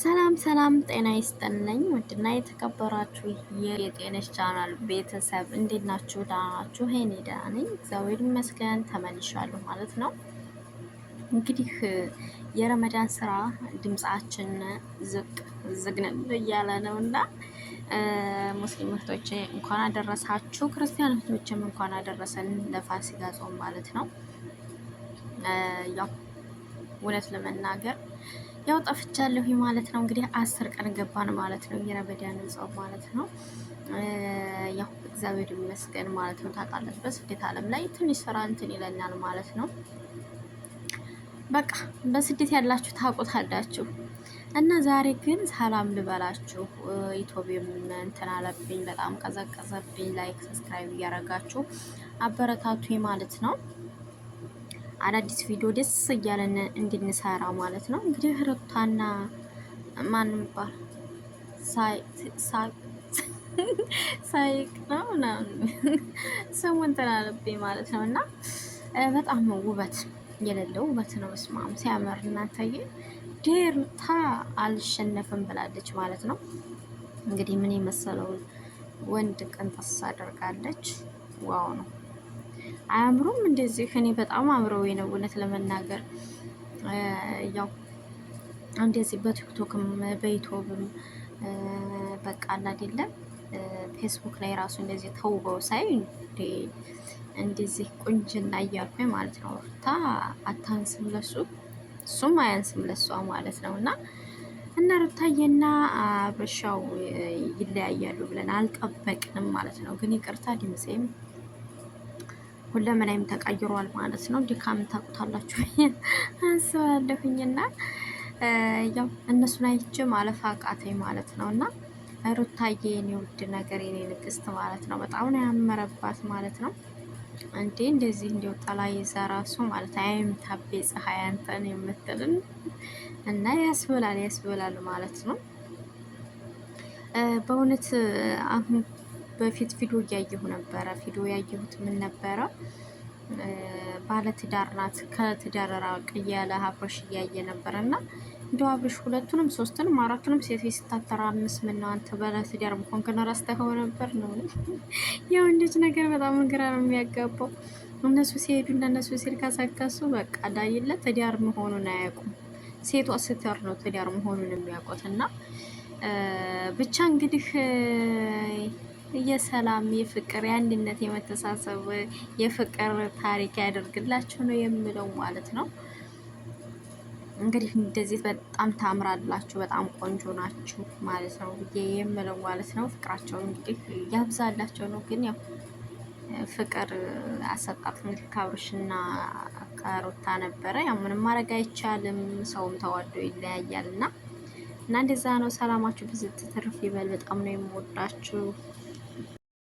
ሰላም ሰላም፣ ጤና ይስጥልኝ ውድና የተከበራችሁ የጤነሽ ቻናል ቤተሰብ እንዴት ናችሁ? ደህና ናችሁ? ሄኔ ደህና ነኝ እግዚአብሔር ይመስገን ተመልሻለሁ ማለት ነው። እንግዲህ የረመዳን ስራ ድምጻችን ዝቅ ዝግነን እያለ ነው እና ሙስሊም እህቶቼ እንኳን አደረሳችሁ፣ ክርስቲያን እህቶችም እንኳን አደረሰን ለፋሲካ ጾም ማለት ነው። ያው እውነት ለመናገር ያው ጠፍቻለሁ ማለት ነው። እንግዲህ አስር ቀን ገባን ማለት ነው። የረመዳን ጾም ማለት ነው። ያው እግዚአብሔር ይመስገን ማለት ነው። ታውቃላችሁ በስደት ዓለም ላይ ትንሽ ስራ እንትን ይለናል ማለት ነው። በቃ በስደት ያላችሁ ታውቁታላችሁ። እና ዛሬ ግን ሰላም ልበላችሁ። ኢትዮጵያም እንትን አለብኝ፣ በጣም ቀዘቀዘብኝ። ላይክ ሰብስክራይብ እያረጋችሁ አበረታቱ ማለት ነው። አዳዲስ ቪዲዮ ደስ እያለን እንድንሰራ ማለት ነው። እንግዲህ ሩታና ማን የሚባል ሳይቅ ነው ስሙን ተላለብኝ ማለት ነው። እና በጣም ውበት የሌለው ውበት ነው። ስማም ሲያምር እናታየ ዴሩታ አልሸነፍም ብላለች ማለት ነው። እንግዲህ ምን የመሰለውን ወንድ ቅንጥስ አደርጋለች። ዋው ነው። አያምሩም? እንደዚህ እኔ በጣም አምረው ነው እውነት ለመናገር ያው እንደዚህ በቲክቶክም በዩቱብም በቃ አይደለም ፌስቡክ ላይ ራሱ እንደዚህ ተውበው ሳይ እንደዚህ ቁንጅና እያልኩኝ ማለት ነው። ሩታ አታንስም ለሱ እሱም አያንስም ለሷ ማለት ነው። እና እና ሩታዬና አበሻው ይለያያሉ ብለን አልጠበቅንም ማለት ነው። ግን ይቅርታ ድምፄም አሁን ለመላይም ተቀይሯል ማለት ነው። ድካም ታውቁታላችሁ አስባለሁኝና ያው እነሱን አይቼ ማለፍ አቃተኝ ማለት ነው እና ሩታዬ የኔ ውድ ነገር የኔ ንግስት ማለት ነው። በጣም ነው ያመረባት ማለት ነው። እንዴ እንደዚህ እንዲው ጠላ ይዛ ራሱ ማለት አይም አይምታቤ ፀሐይ አንተን የምትልን እና ያስብላል ያስብላል ማለት ነው በእውነት አሁን በፊት ቪዲዮ እያየሁ ነበረ። ቪዲዮ ያየሁት ምን ነበረ? ባለትዳር ናት ከትዳር ራቅ እያለ አብርሽ እያየ ነበረ እና እንደው አብርሽ ሁለቱንም ሶስቱንም አራቱንም ሴት ስታተራምስ ምነው አንተ ባለትዳር መሆንክን ረስተኸው ነበር ነው። ያው እንደች ነገር በጣም ግራ ነው የሚያጋባው። እነሱ ሲሄዱ እንደነሱ ሲል ካሳከሱ በቃ ዳይለ ትዳር መሆኑን አያውቁም። ሴቷ ስትር ነው ትዳር መሆኑን የሚያውቁት እና ብቻ እንግዲህ የሰላም የፍቅር የአንድነት የመተሳሰብ የፍቅር ታሪክ ያደርግላችሁ ነው የምለው ማለት ነው። እንግዲህ እንደዚህ በጣም ታምራላችሁ፣ በጣም ቆንጆ ናችሁ ማለት ነው ብዬ የምለው ማለት ነው። ፍቅራቸውን እንግዲህ ያብዛላቸው ነው። ግን ያው ፍቅር አሰጣጥ እንግዲህ ከአብርሽና ከሩታ ነበረ። ያው ምንም ማድረግ አይቻልም፣ ሰውም ተዋዶ ይለያያል እና እና እንደዛ ነው። ሰላማችሁ ብዙ ትርፍ ይበል። በጣም ነው የምወዳችሁ።